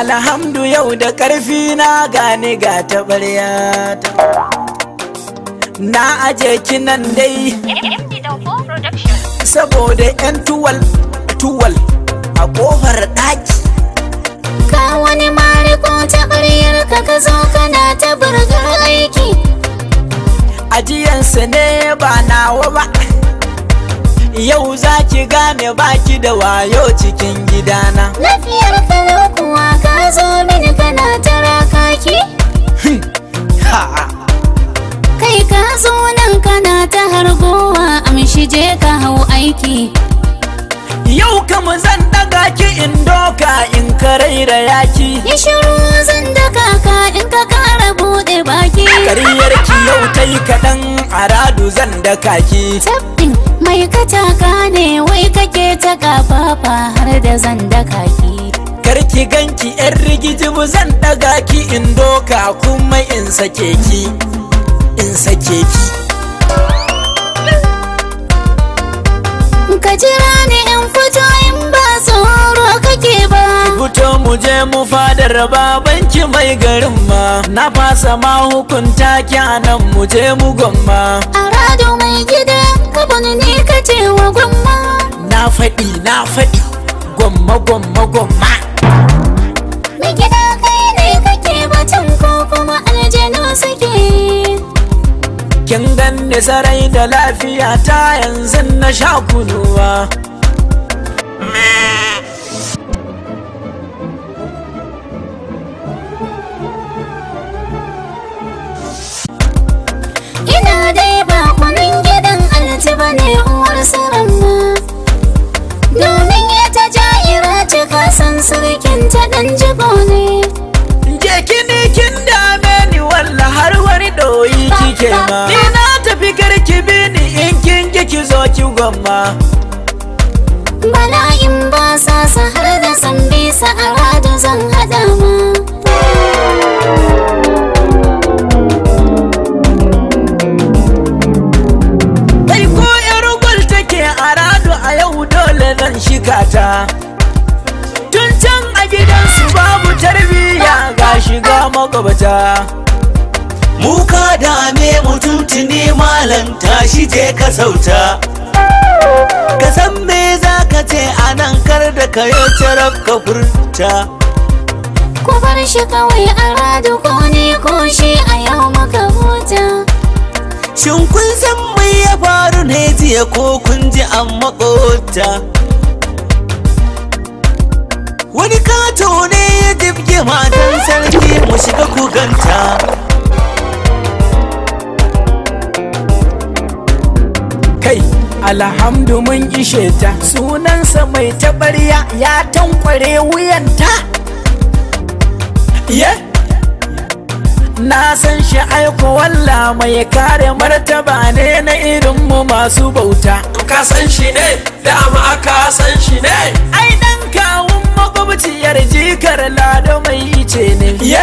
alhamdu yau da karfi na gane ga taɓarya na aje kinan dai saboda 'yan tuwal tuwal a ƙofar ɗaki ka wani ko taɓaryar ka ka zo kana ta burgar aiki ajiyansa ne ba nawa ba yau za ki gane baki da wayo cikin gidana lafiyar kalau kuwa ka zo mini kana tara kaki hmm, kai ka zo nan kana ta hargowa amshi je ka hau aiki yau kama zan daga ki in doka in raira yaki ya shiru zan daga ka in ka kara bude baki kariyar ki yau ta yi a radu zan daka ki Wai aikata ne wai kake ta kafafa har da zan daka ki karki ganki yan rigijibu zan daga ki in doka kuma in sake ki in sake ki ka jira ni in fito in ba tsoro kake ba fito mu je mu fadar babanki mai garin ma na fasa ma hukunta ki a mu je mu gwamma ado mai gida kabon ne ka ce wa gwamma na faɗi na faɗi gwamma gwamma gwamma mai gida kai ne kake batun ko kuma aljanu suke kin ganni sarai da lafiya ta yanzu na sha kunuwa sirrin domin ita jaira ce kasan ta dan jibo ne je kini kin dame ni walla har wani doyi kike ma ni na tafi garki bi ni in kin ki zo ki gwamma bala'in ba sa har da san bisa a makwabta mu ka dame mutum tuni malam tashi je ka sauta ka san me za ka ce a nan kar da ka yi ka furta ku bar shi kawai a radu ko ne ko shi a yau maka huta shin kun san mai ya faru ne jiya ko kun ji an maƙota wani kato ne ya jibge matan sarki mu shiga kuganta kai alhamdu mun ishe ta sunansa mai tabarya ya tankware wuyanta na san shi aiko walla mai kare martaba ne na irinmu masu bauta ka san shi ne da ka san shi ne ai ye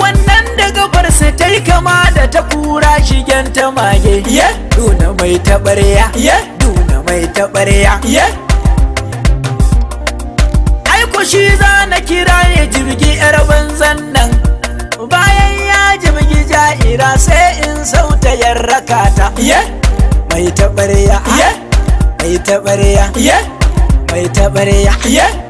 wannan daga farsa ta yi kama da ta kura shigen ta mage. duna nuna mai taɓarya duna nuna mai taɓarya aiko shi za na kira ya jirgi yar banzan nan bayan ya jirgi ja'ira sai in sauta yarraka ta ye mai taɓarya mai taɓarya mai taɓarya